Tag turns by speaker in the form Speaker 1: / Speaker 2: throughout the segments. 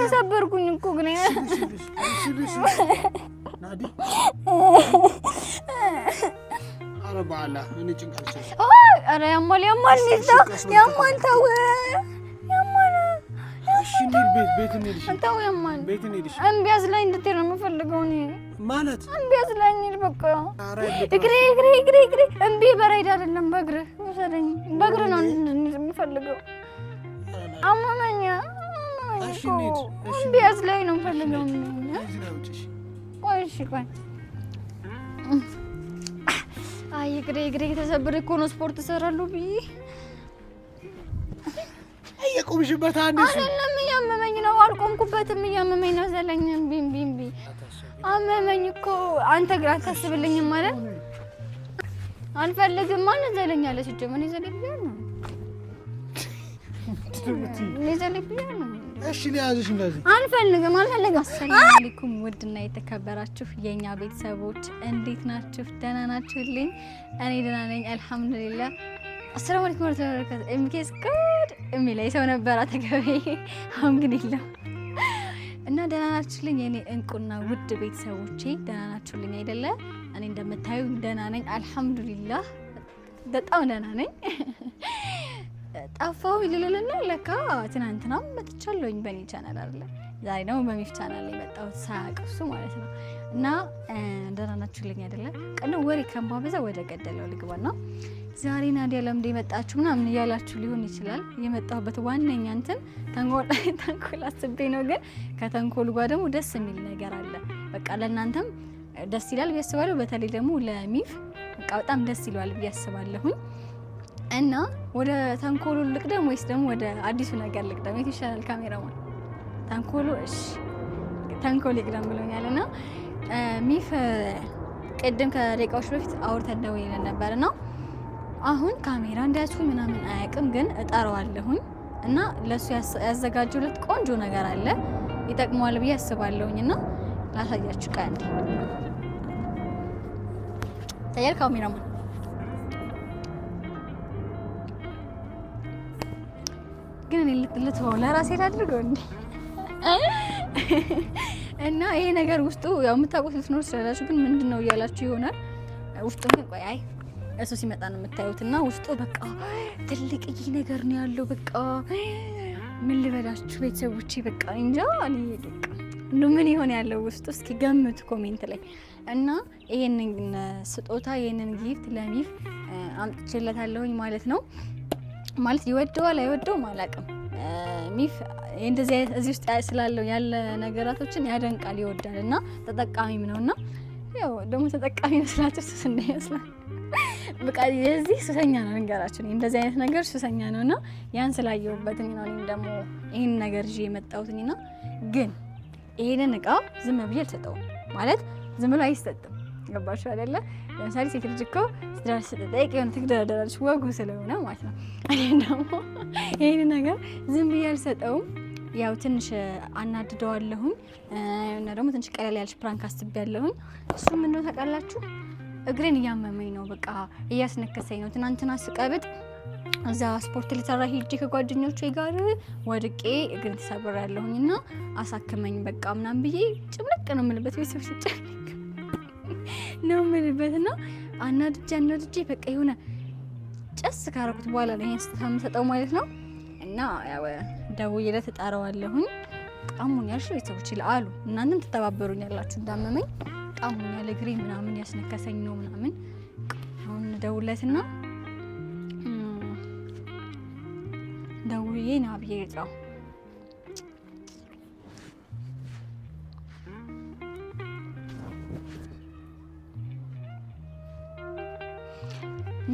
Speaker 1: ተሰበርኩኝ እኮ ግን ኧረ
Speaker 2: ያሟል ያሟል
Speaker 1: ያሟል ተው እምቢ አስላኝ እንድትሄድ ነው የምፈልገው እኔ ማለት እምቢ አስላኝ በቃ እግሬ እግሬ እግሬ እግሬ እምቢ በራይድ አይደለም በእግርህ ውሰደኝ በእግርህ ነው የምፈልገው አመመኛ ላይ ነው ፈልገው። ቆይ እሺ፣ ቆይ አይ እግሬ እግሬ የተሰበረ እኮ ነው። ስፖርት እሰራለሁ ብዬ
Speaker 2: እየቆምሽበት
Speaker 1: አይደለም፣ እያመመኝ ነው። አልቆምኩበትም፣ እያመመኝ ነው። ዘለኝ ቢም ቢም ቢ አመመኝ እኮ አንተ ግራ አታስብልኝም ማለት አልፈልግም። ማን ዘለኛለች እጀ ምን ነው አንፈልግም አልፈልግ። አሰላሙ አለይኩም ውድና የተከበራችሁ የእኛ ቤተሰቦች እንዴት ናችሁ? ደህና ናችሁልኝ? እኔ ደህና ነኝ አልሐምዱሊላ። አሰላሙ አለይኩም ወረህመቱላሂ ኤምኬስ ጉድ የሚለኝ ሰው ነበር አጠገቤ። አልሐምዱሊላ እና ደህና ናችሁልኝ የእኔ እንቁና ውድ ቤተሰቦቼ ደህና ናችሁልኝ አይደለ? እኔ እንደምታዩ ደህና ነኝ አልሐምዱሊላ፣ በጣም ደህና ነኝ። ጠፋው ይልልልና ለካ ትናንትና መጥቻለሁኝ በኔ ቻናል አይደለ? ዛሬ ደግሞ በሚፍ ቻናል ላይ መጣሁት ሳያውቅ እሱ ማለት ነው። እና ደህና ናችሁልኝ አይደለ? ቀን ወሬ ከማበዛ ወደ ገደለው ልግባ ነው። ዛሬ ናዲያ ለምደ የመጣችሁ ምናምን እያላችሁ ሊሆን ይችላል። የመጣሁበት ዋነኛ እንትን ተንኮል ተንኮል አስቤ ነው፣ ግን ከተንኮል ጋር ደግሞ ደስ የሚል ነገር አለ። በቃ ለእናንተም ደስ ይላል ብዬ አስባለሁ። በተለይ ደግሞ ለሚፍ በቃ በጣም ደስ ይለዋል ብዬ አስባለሁኝ። እና ወደ ተንኮሉ ልቅደም ወይስ ደግሞ ወደ አዲሱ ነገር ልቅደም? የት ይሻላል? ካሜራማን ተንኮሉ። እሺ ተንኮል ይቅደም ብሎኛል። እና ሚፍ ቅድም ከደቂቃዎች በፊት አውርተን ደውለን ነበር እና አሁን ካሜራ እንዳያችሁ ምናምን አያውቅም፣ ግን እጠራዋለሁኝ እና ለእሱ ያዘጋጁለት ቆንጆ ነገር አለ ይጠቅመዋል ብዬ አስባለሁኝ እና ላሳያችሁ። ቀንድ ተያል ካሜራማን ግን እኔ ልትልት ልትበው ለራሴ ላድርገው እንዴ? እና ይሄ ነገር ውስጡ ያው የምታውቁት ልትኖር ስላላችሁ ግን ምንድን ነው እያላችሁ ይሆናል። ውስጡ ግን ቆይ አይ እሱ ሲመጣ ነው የምታዩት። እና ውስጡ በቃ ትልቅ ይህ ነገር ነው ያለው። በቃ ምን ልበላችሁ ቤተሰቦች፣ በቃ እንጃ ምን ይሆን ያለው ውስጡ እስኪ ገምት ኮሜንት ላይ እና ይሄንን ስጦታ ይሄንን ጊፍት ለሚፍ አምጥቼለታለሁኝ ማለት ነው። ማለት ይወደዋል አይወደውም አላውቅም። ሚፍ እንደዚህ እዚህ ውስጥ ስላለው ያለ ነገራቶችን ያደንቃል ይወዳል እና ተጠቃሚም ነው እና ያው ደግሞ ተጠቃሚ መስላቸው ሱስ እንዳይመስላል በቃ የዚህ ሱሰኛ ነው ነገራችሁ እንደዚህ አይነት ነገር ሱሰኛ ነው እና ያን ስላየሁበት ነው እኔም ደግሞ ይህን ነገር ይዤ የመጣሁትኝ ግን ይሄንን እቃ ዝም ብዬ አልሰጠውም ማለት ዝም ብሎ አይሰጥም ገባችሁ አይደለ? ለምሳሌ ሴት ልጅ እኮ ስትዳር ስትጠይቅ የሆነ ትግደረደራለች ወጉ ስለሆነ ማለት ነው። እኔ ደግሞ ይህን ነገር ዝም ብዬ አልሰጠውም። ያው ትንሽ አናድደዋለሁኝ እና ደግሞ ትንሽ ቀለል ያለች ፕራንክ አስቤያለሁኝ። እሱ ምነው ታውቃላችሁ፣ እግሬን እያመመኝ ነው፣ በቃ እያስነከሰኝ ነው። ትናንትና ስቀብጥ እዛ ስፖርት ልሰራ ሄጄ ከጓደኞቼ ጋር ወድቄ እግሬን ተሰብሬያለሁኝ እና አሳክመኝ በቃ ምናምን ብዬ ጭምቅ ነው የምልበት ቤተሰብ ስጭ ነው የምልበት እና አናድጄ አናድጄ በቃ የሆነ ጨስ ካረኩት በኋላ ነው ይሄን ስታ የምሰጠው ማለት ነው። እና ያው ደውዬ እጠራዋለሁኝ። ቃሙን ሽ ቤተሰቦች አሉ እናንተም ትተባበሩኛላችሁ። እንዳመመኝ ቃሙን ያለ እግሬ ምናምን ያስነከሰኝ ነው ምናምን። አሁን ደውለትና ደውዬ ና ብዬ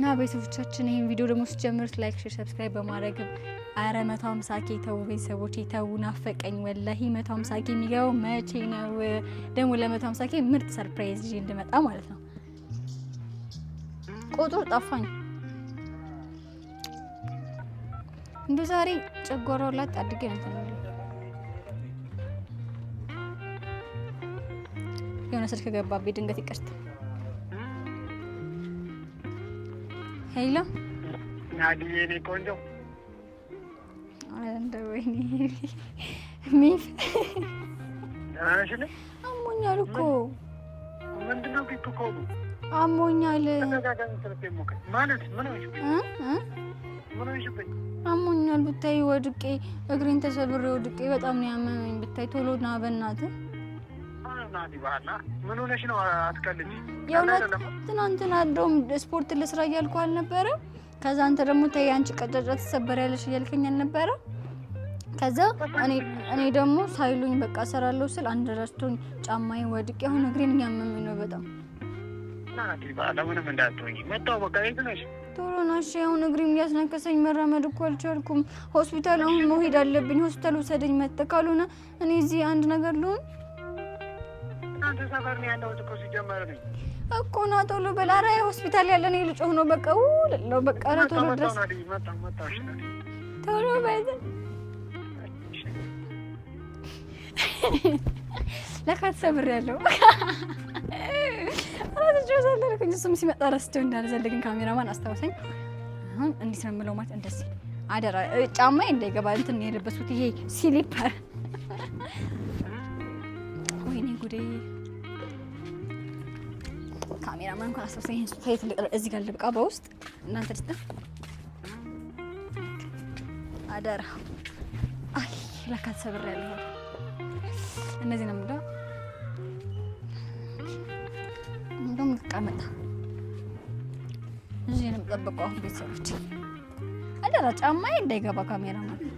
Speaker 1: እና ቤተሰቦቻችን ይህን ቪዲዮ ደግሞ ስጀምሩት ላይክ፣ ሼር፣ ሰብስክራይብ በማድረግ አረ መቶ ሃምሳ ኬ ተው ቤተሰቦቼ ተው፣ ናፈቀኝ ወላሂ። መቶ ሃምሳ ኬ የሚገባው መቼ ነው? ደግሞ ለመቶ ሃምሳ ኬ ምርጥ ሰርፕራይዝ ይዤ እንድመጣ ማለት ነው። ቁጥር ጠፋኝ እንዱ ዛሬ ጨጓራው ላጥ አድርጌ ነው የሆነ ስልክ ገባቤ ድንገት ይቀርታል። ሄሎ
Speaker 2: ናዲዬ፣ የኔ ቆንጆ
Speaker 1: እንደው ሚፍ አሞኛል እኮ
Speaker 2: ምንድነው? ቢቱ ከሆኑ
Speaker 1: አሞኛል አሞኛል ብታይ፣ ወድቄ እግሬን ተሰብሬ ወድቄ በጣም ነው ያመመኝ። ብታይ ቶሎ ና በእናትህ
Speaker 2: ምን ሆነሽ ነው? አትቀልጂ።
Speaker 1: የእውነት ትናንትና እንደውም ስፖርት ልስራ እያልኩ አልነበረ? ከዛ አንተ ደግሞ ተይ አንቺ ቀጫጫ እያልከኝ አልነበረ? ከዛ እኔ ደግሞ ሳይሉኝ በቃ እሰራለሁ ስል አንድ ረስቶኝ ጫማዬ ወድቄ አሁን እግሬን እያመመኝ ነው በጣም ቶሎ ናሽ? አሁን እግሬም እያስነከሰኝ መራመድ እኮ አልቻልኩም። ሆስፒታል አሁን መሄድ አለብኝ። ሆስፒታል ውሰደኝ መጠ ካልሆነ እኔ እዚህ አንድ ነገር ልሆን
Speaker 2: እናንተ ሰፈር ነው ያለሁት እኮ ሲጀመር ነኝ
Speaker 1: እኮ ነው። ቶሎ በል ኧረ ሆስፒታል ያለ ነው ልጮህ ነው። በቃ ውልለው በቃ ኧረ ቶሎ ድረስ ቶሎ በል። ለካ ተሰብሬያለሁ። ራስ ጆ ዘለልኩኝ። እሱም ሲመጣ ረስቼው እንዳልዘለግኝ ካሜራማን አስታውሰኝ። አሁን እንዴት ነው የምለው ማለት እንደዚህ አደራ ጫማዬ እንዳይገባ እንትን የለበሱት ይሄ ሲሊፐር ወይኔ ጉዴ ካሜራ ማን እንኳን አሰብሰ ይሄን ሶፋ እዚህ ጋር ልብቃ። በውስጥ እናንተ ድስታ አደራ። አይ ለካ ተሰብር ያለ እነዚህ ነው ምንድነው እንደውም ልቀመጣ እዚህ ነው የምጠብቀው። አሁን ቤተሰቦች አደራ ጫማዬ እንዳይገባ ካሜራ ማለት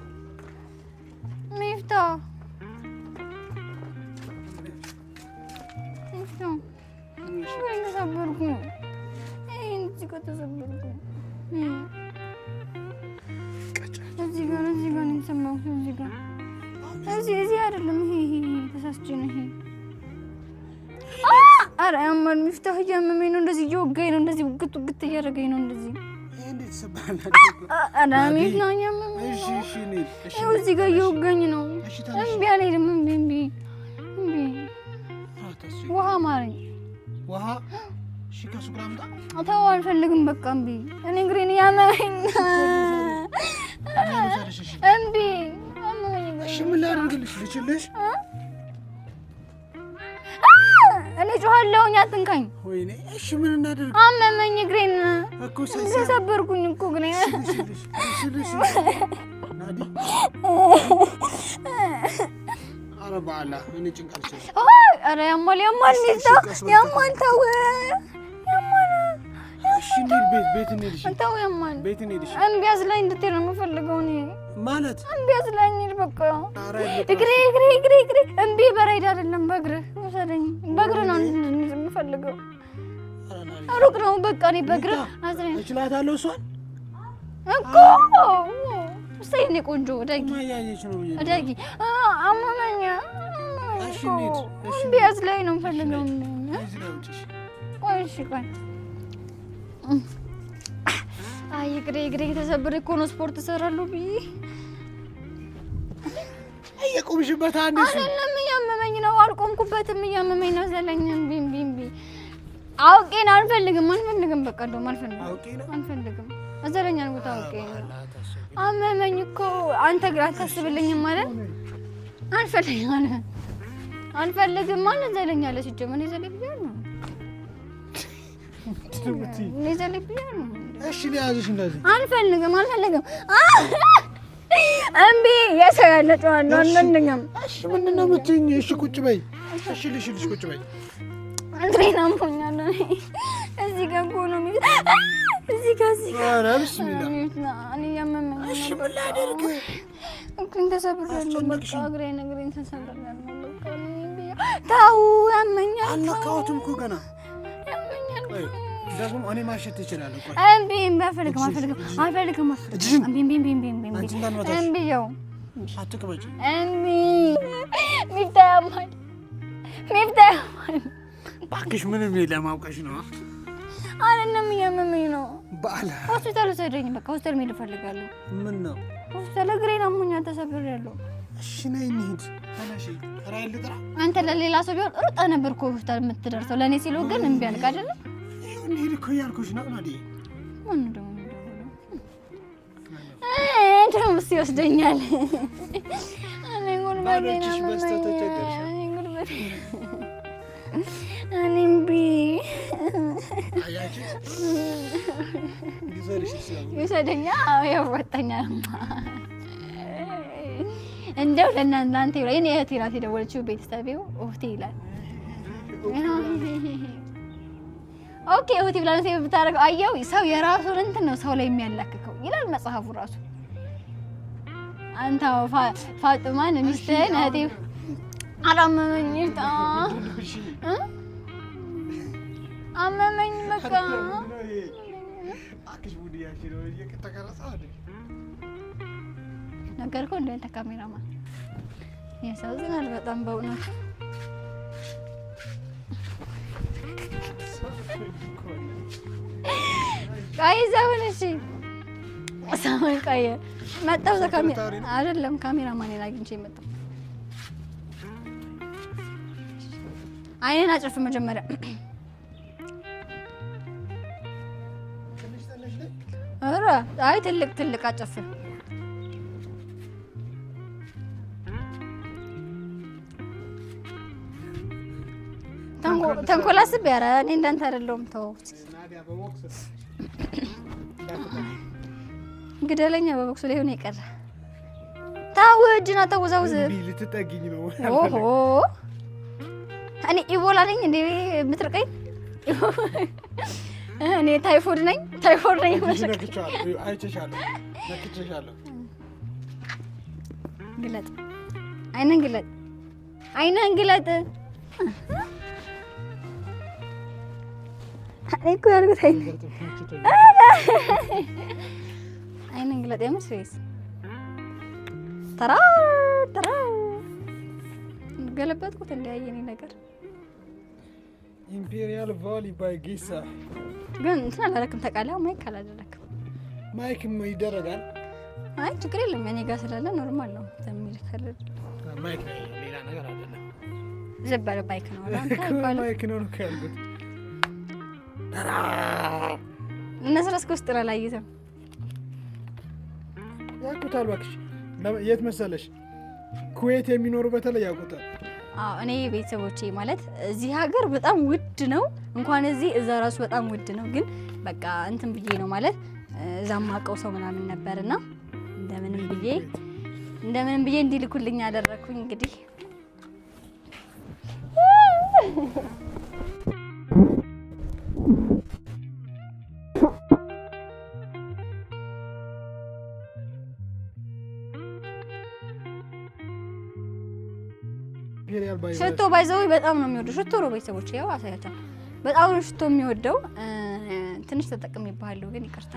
Speaker 1: እዚህ እዚህ አይደለም። ይሄ ይሄ ተሳስቼ ነው። ይሄ ኧረ ያማል። ሚፍታህ እያመመኝ ነው። እንደዚህ እየወጋኝ ነው። እንደዚህ ግጥ ግጥ እያደረገኝ ነው። እንደዚህ ኧረ እዚህ ጋር እየወጋኝ ነው። እምቢ አልሄድም። እምቢ እምቢ እምቢ። ውሃ ማረኝ። ውሃ ተው፣ አልፈልግም። በቃ እምቢ። እኔ እግሬን ያመመኝ እምቢ
Speaker 2: እሺ ምን ላድርግልሽ? ልችልሽ?
Speaker 1: እኔ ጮኋለሁኝ፣ አትንካኝ።
Speaker 2: ወይኔ እሺ ምን እናደርግ?
Speaker 1: አመመኝ፣ እግሬን እኮ ሰበርኩኝ እኮ እግሬን።
Speaker 2: ኧረ በአላህ እኔ ጭንቀት
Speaker 1: ኧረ ያሟል፣ ያሟል፣ ሚስታ ያሟል። ተው ቤት ተው፣ ያሟል። ቤት እንሂድ፣ እሺ እምቢ እንድትሄድ ነው የምፈልገው እኔ ማለት እምቢ ላይ እኮ እግሬ እግሬ እግሬ እግሬ እምቢ በራይድ አይደለም በእግርህ ውሰደኝ። በእግርህ ነው የምፈልገው። ሩቅ ነው በቃ እኔ በእግርህ
Speaker 2: እችላታለሁ። እሷን
Speaker 1: እኮ ውሰኝ። እኔ ቆንጆ ዳጊ ዳጊ አማማኛ ቢያዝ ላይ ነው የምፈልገው። ቆይ እሺ ቆይ አይ እግሬ እግሬ ተሰብሬ እኮ ነው ስፖርት እሰራለሁ ብዬ
Speaker 2: ቆምሽበት? አንዴ
Speaker 1: አይደለም እያመመኝ ነው። አልቆምኩበትም፣ እያመመኝ ነው። ዘለኝ ቢም ቢም ቢ አውቄን አልፈልግም፣ አልፈልግም። በቃ እንደውም አልፈልግም፣ አልፈልግም። አዘለኝ አልኩት። አውቄ አመመኝ እኮ አንተ ግራ አታስብልኝም ማለት አልፈልግም፣ አልፈልግም ማለት ዘለኝ አለ። ሲጀመር ይዘልብያል ነው ይዘልብያል ነው።
Speaker 2: እሺ ሊያዝሽ እንደዚህ
Speaker 1: አልፈልግም፣ አልፈልግም እምቢ የሰው ያለጨዋል አንደኛም
Speaker 2: እሺ፣ ምንድን ነው የምትይኝ? እሺ ቁጭ በይ። እሺ ልሽ ልሽ ቁጭ በይ።
Speaker 1: እንትን አምፎኛል። እዚህ ጋር እኮ ነው የሚል እዚህ ጋር እዚህ ጋር እኔ እያመመኝ
Speaker 2: እሺ፣ ምን ላድርግ?
Speaker 1: እንትን ተሰብሬያለሁ። በቃ እግሬ እግሬን ተሰብሬያለሁ። ተው ያመኛል።
Speaker 2: አልነካሁትም እኮ ገና ያመኛል ደግሞ እኔ ማሸት ይችላል
Speaker 1: እምቢ አልፈልግም አልፈልግም አልፈልግም እምቢ እምቢ እምቢ
Speaker 2: እምቢ እምቢ እምቢ ያው አትቅበጭ
Speaker 1: እምቢ ሚፍታ ያማል ሚፍታ ያማል
Speaker 2: እባክሽ ምንም የለም አውቀሽ ነው
Speaker 1: አለንም እያመመኝ ነው በአል ሆስፒታል ውሰደኝ በቃ ሆስፒታል መሄድ እፈልጋለሁ ምን ነው ሆስፒታል እግሬን አሞኛል ተሰብሬያለሁ
Speaker 2: እሺ ነይ እንሂድ
Speaker 1: አንተ ለሌላ ሰው ቢሆን ሩጣ ነበር እኮ ሆስፒታል የምትደርሰው ለእኔ ሲሉ ግን እምቢ አልክ አይደለም
Speaker 2: እንሂድ እኮ እያልኩሽ ነው። ናዲ
Speaker 1: ማነው ደግሞ የሚደውለው? ደግሞ ይወስደኛል። ያዋጣኛል። እንደው ለእናንተ የደወለችው ቤተሰቤው ይላል ኦኬ እህቴ ብላ ነው ሴቭ አየው ሰው የራሱን እንትን ነው ሰው ላይ የሚያላክከው ይላል መጽሐፉ ራሱ። አንተ ፋጡማን ሚስትህን እህቴ አላመመኝ ታ አመመኝ በቃ ነገርኩህ። እንደ ካሜራማን የሰው ዝናል በጣም በእውነቱ ቀይዝ እሺ፣ ሰማን ቀየ መጣሁ። ካሜራ አይደለም ካሜራ ማኔን አግኝቼ መጣሁ። አይኔን አጨፍ መጀመሪያ ኧረ አይ ትልቅ ትልቅ አጨፍ ተንኮል ያረ እኔ እንዳንተ አይደለሁም ተው ግደለኛ በቦክሱ ላይ ሆነ የቀረ ታው እጅና ተወዛውዝ
Speaker 2: ልትጠጊኝ ነው።
Speaker 1: ኦሆ እኔ ኢቦላ ነኝ እንዴ የምትርቀኝ? እኔ ታይፎድ ነኝ፣ ታይፎድ ነኝ። ግለጥ አይነን፣ ግለጥ አይነን፣ ግለጥ እኮ ያልኩት አይን እንግለጥ የምልሽ ወይስ ተራ ተራ ገለበጥኩት። እንዳያየኝ ነገር
Speaker 2: ኢምፔሪያል ቫሊ ባይ ጌሳ
Speaker 1: ግን እንትን አላደረክም። ተቃላ ማይክ አላደረክም።
Speaker 2: ማይክ ይደረጋል።
Speaker 1: አይ ችግር የለም። እኔ ጋር ስላለ ኖርማል ነው።
Speaker 2: ማይክ ሌላ ነገር አይደለም።
Speaker 1: ዝም ማይክ ነው።
Speaker 2: ማይክ ነው ነው ያልኩት
Speaker 1: እነሱ ረስክ ውስጥ አላየትም
Speaker 2: ያውቁታል። እባክሽ የት መሰለሽ ኩዌት የሚኖሩ በተለይ ያውቁታል።
Speaker 1: አዎ እኔ ቤተሰቦቼ ማለት እዚህ ሀገር በጣም ውድ ነው። እንኳን እዚህ እዛ ራሱ በጣም ውድ ነው። ግን በቃ እንትን ብዬ ነው ማለት እዛ ማቀው ሰው ምናምን ነበርና እንደምንም ብዬ እንደምንም ብዬ እንዲልኩልኝ ያደረኩኝ እንግዲህ ሽቶ ባይዘው በጣም ነው የሚወደው ሽቶ ነው። ቤተሰቦች ያው አሳያቸው በጣም ነው ሽቶ የሚወደው። ትንሽ ተጠቅም ተጠቅሜብሃለሁ ግን ይቅርታ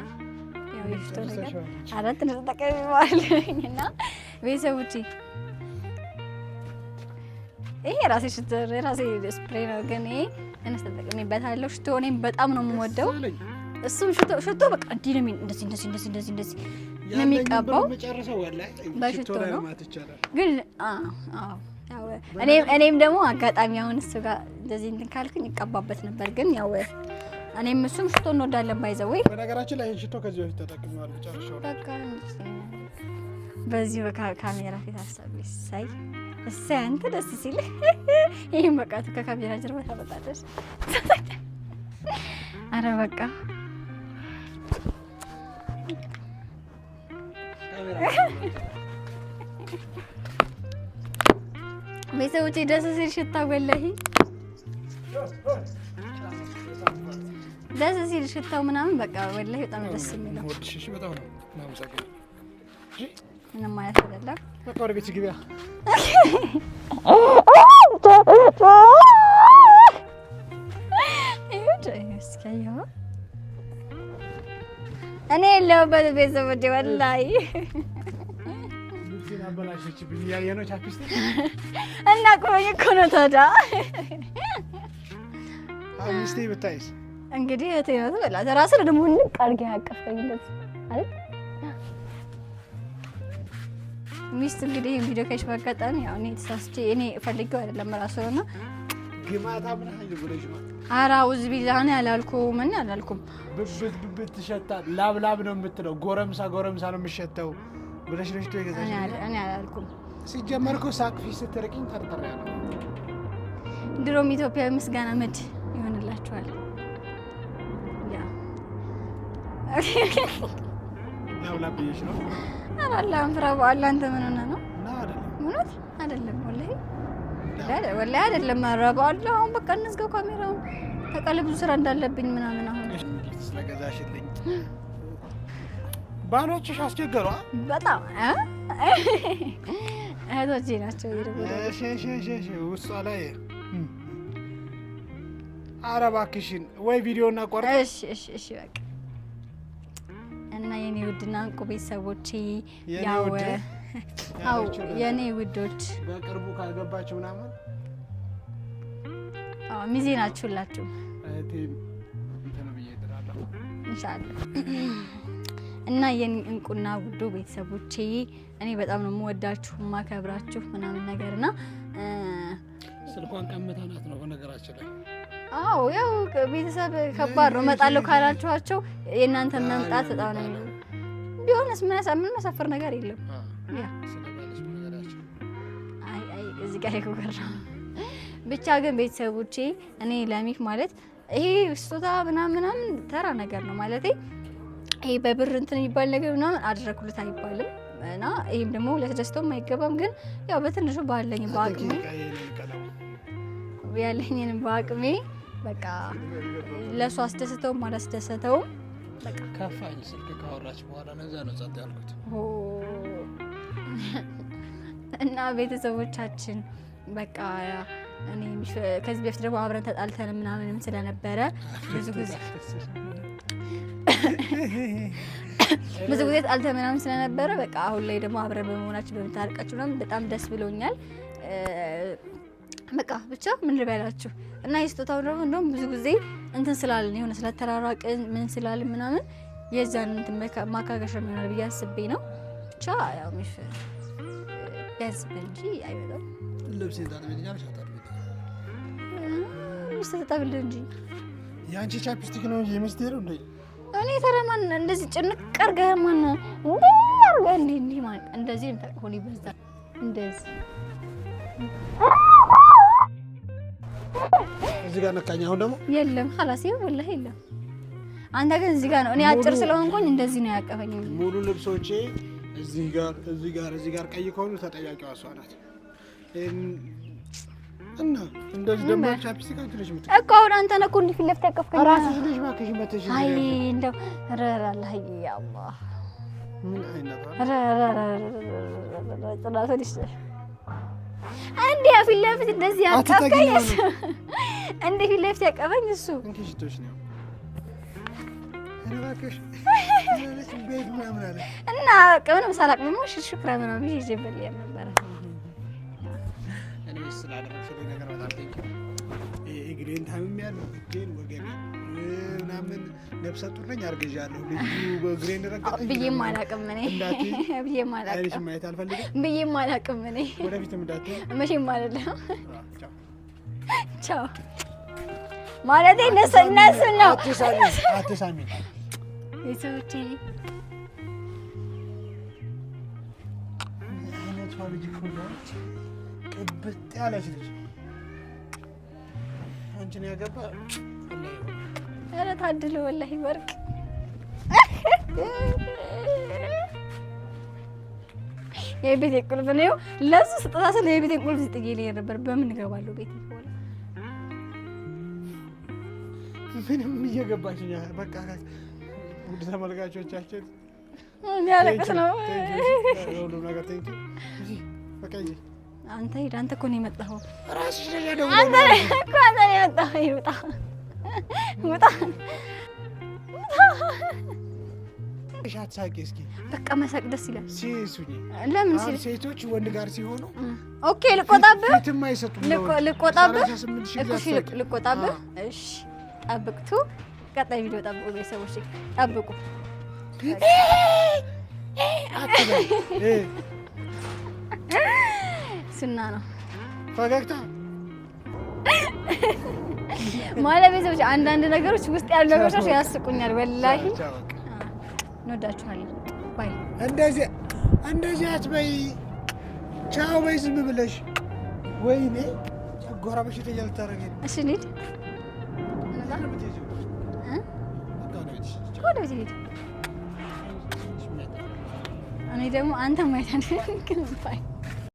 Speaker 1: ያው የሽቶ ነገር አረ ትንሽ ተጠቅሜብሃለሁና ቤተሰቦች ይሄ ራሴ ሽቶ ራሴ ስፕሬይ ነው ግን ይሄ ትንሽ ተጠቅሜበታለሁ። ሽቶ እኔም በጣም ነው የምወደው። እሱም ሽቶ ሽቶ በቃ እንዲህ ነው እንደዚህ እንደዚህ እንደዚህ እንደዚህ እንደዚህ ነው የሚቀባው በሽቶ ነው ግን አዎ አዎ እኔም ደግሞ አጋጣሚ አሁን እሱ ጋር እንደዚህ እንትን ካልኩኝ ይቀባበት ነበር፣ ግን ያው እኔም እሱም ሽቶ እንወዳለን። ባይዘወይ
Speaker 2: በነገራችን ላይ ሽቶ ከዚህ በፊት ተጠቅመዋል።
Speaker 1: በዚህ ካሜራ ፊት አሳቢ ሳይ እሳይ አንተ ደስ ሲል ይህም በቃ ከካሜራ ጀርባ ታበጣለች። አረ በቃ ቤተሰቦቼ ደስ ሲል ሽታ ወላሂ ደስ ሲል ሽታው ምናምን በቃ ወላሂ በጣም ደስ የሚለው ምንም ማለት አይደለም። እኔ የለሁበት ቤተሰቦቼ ወላሂ
Speaker 2: አበላሸችብኝ። እያየ ነው ቻፕስቲክ
Speaker 1: እና ቆይ እኮ ነው ታዲያ
Speaker 2: ሚስቴ ብታይስ
Speaker 1: እንግዲህ እህቴ ነው ትበላት። ደግሞ ንቅ አድርጌ ያቀፈኝ አይደል ሚስት እንግዲህ ይሄን ቪዲዮ ከሽ በአጋጣሚ ያው እኔ ተሳስቼ እኔ ፈልጌው አይደለም ራሱ ነው
Speaker 2: ግማታ ምን አይል ብለሽ
Speaker 1: ነው። ያላልኩም
Speaker 2: ብብት ብብት ትሸታ ላብላብ ነው የምትለው። ጎረምሳ ጎረምሳ ነው የምትሸተው ብለሽ ነሽ የገዛሽ? እኔ አላልኩም። ሲጀመር እኮ ሳቅፊ ስትርቂኝ ጠርጠር ያለ
Speaker 1: ድሮም ኢትዮጵያዊ ምስጋና መድ ይሆንላችኋል።
Speaker 2: ላውላ ብዬሽ ነው።
Speaker 1: አላም ፍራ በኋላ አንተ ምን ሆነህ ነው? እውነት አይደለም፣ ወላሂ አይደለም። ረባዋለሁ። አሁን በቃ እንዝጋው ካሜራውን። ተቃለ ብዙ ስራ እንዳለብኝ ምናምን አሁን
Speaker 2: ስለገዛሽልኝ ባሎችሽ አስቸገሩ
Speaker 1: በጣም እህቶቼ ናቸው።
Speaker 2: ውስጧ ላይ ኧረ እባክሽን ወይ ቪዲዮ እናቋርጥ።
Speaker 1: እሺ እሺ እሺ በቃ እና የኔ ውድና እንቁ ቤተሰቦቼ ያው አው የኔ ውዶች
Speaker 2: በቅርቡ ካገባችሁ ምናምን
Speaker 1: አዎ ሚዜ ናችሁላችሁ። ኢንሻአላህ እና የኔ እንቁና ውዱ ቤተሰቦቼ እኔ በጣም ነው የምወዳችሁ ማከብራችሁ ምናምን ነገር ና
Speaker 2: ስልኳን ቀምተናት ነው በነገራችን ላይ
Speaker 1: አዎ ያው ቤተሰብ ከባድ ነው። እመጣለሁ ካላችኋቸው የእናንተ መምጣት በጣም ነው ቢሆንስ ምን መሰፈር ነገር የለም። አይ አይ እዚህ ጋር ይቆራል። ብቻ ግን ቤተሰቦቼ እኔ ለሚክ ማለት ይሄ ስጦታ ምናምን ምናምን ተራ ነገር ነው ማለቴ ይሄ በብር እንትን የሚባል ነገር ምናምን አደረግኩለት አይባልም። እና ይህም ደግሞ ለተደስተው አይገባም። ግን ያው በትንሹ ባለኝ በአቅሜ ያለኝንም በአቅሜ በቃ ለእሱ አስደስተውም አላስደሰተውም
Speaker 2: ከፋኝ። ስልክ ካወራች በኋላ ነዛ ነው ጸጥ ያልኩት።
Speaker 1: እና ቤተሰቦቻችን በቃ እኔ ከዚህ በፊት ደግሞ አብረን ተጣልተን ምናምንም ስለነበረ ብዙ ጊዜ ብዙ ጊዜ ጣልተ ምናምን ስለነበረ በቃ አሁን ላይ ደግሞ አብረን በመሆናችን በምታርቃችሁ ምናምን በጣም ደስ ብሎኛል። በቃ ብቻ ምን ልበላችሁ እና የስጦታው ደግሞ እንደውም ብዙ ጊዜ እንትን ስላልን የሆነ ስለተራራቅን ምን ስላልን ምናምን የዛን እንትን ማካገሻ የሚሆናል ብዬ አስቤ ነው። ብቻ ያው ሚሽ ቢያንስ እንጂ አይበለም ልብስ እንጂ
Speaker 2: የአንቺ ቻፕስቲክ ነው እንጂ የምስቴር እንዴ?
Speaker 1: እኔ ተረማን እንደዚህ ጭንቅ አድርገህ ማን አድርገህ እንዲህ እንዲህ እንደዚህ ሆኔ በዛ እንደዚህ
Speaker 2: እዚህ ጋር ነካኝ። አሁን ደግሞ
Speaker 1: የለም ሀላሴ ወላሂ የለም። አንተ ግን እዚህ ጋር ነው። እኔ አጭር ስለሆንኩኝ እንደዚህ ነው ያቀፈኝ።
Speaker 2: ሙሉ ልብሶቼ እዚህ ጋር እዚህ ጋር እዚህ ጋር ቀይ ከሆኑ ተጠያቂዋ እሷ ናት። እና እንደዚህ ደማቅ ቻፕስ ትቀጥልሽ ምትክ
Speaker 1: እኮ አሁን አንተ ነህ እኮ እንዲህ ፊት ለፊት ያቀፍከኝ
Speaker 2: ራስሽ ልጅ እባክሽ
Speaker 1: መተሽ አይ እንደው ረራላህ ያአላህ
Speaker 2: ምን አይነት ረራራራ እንዲህ ፊት ለፊት እንደዚህ ያቀፍከኝ እንዲህ ፊት ለፊት ያቀፈኝ እሱ እንዴ ሽቶሽ ነው እና በቃ ምንም ሳላቅ ሽክራ ምናምን ይዤ በልያ ነበረ ሰርቪስ ስላደረግሽልኝ ነገር በጣም ቴንኪ። እግሬን ታምሜያለሁ፣ እግሬን ወገቤ ምናምን ነብሰ ጡር ነኝ አርግዣለሁ፣ ልዩ እግሬን ረጋ ብዬም አላቅም እኔ ብዬም አላቅም ማየት አልፈልግም ብዬም አላቅም እኔ ወደፊትም እንዳት መቼም አይደለም። ቻው ማለት እነሱ እነሱ ነው አትሳሚ የሰዎቼ ልጅ እብት ያለች ልጅ አንቺን ያገባ ኧረ ታድለ ወላሂ ወርቅ የቤቴ ቁልፍ ነው። ለሱ ስጠታ ስለ የቤቴ ቁልፍ ስጥዬ ልሄድ ነበር። በምን እገባለሁ ቤት? ምንም እየገባችኝ በቃ ውድ ተመልካቾቻችን የሚያለቅስ ነው ሁሉም ነገር አንተ ሂድ። አንተ እኮ ነው የመጣኸው። ራስሽ ነው ያደው። እኮ አንተ ነው የመጣኸው። ይውጣ ውጣ። እሺ አትሳቂ እስኪ። በቃ መሳቅ ደስ ይላል። ሲሱኝ ለምን ሲል ሴቶች ወንድ ጋር ሲሆኑ ኦኬ። ልቆጣብህ የትም አይሰጡም። ልቆጣብህ እሺ፣ ልቆጣብህ እሺ። ጠብቅቱ። ቀጣይ ቪዲዮ ጠብቁ ቤተሰቦች፣ ጠብቁ። አትበል ሙስና ነው። ፈገግታ ማለት ቤተሰቦች፣ አንዳንድ ነገሮች ውስጥ ያሉ ነገሮች ያስቁኛል። ወላሂ እንወዳችኋለን። ባይ እንደዚህ እንደዚህ አትበይ፣ ቻው በይ ዝም ብለሽ። ወይኔ ጨጓራ በሽታ እያልታረገኝ። እሺ እንሂድ ወደ ቤት እንሂድ። እኔ ደግሞ አንተ ማየት አንፈልግም። ባይ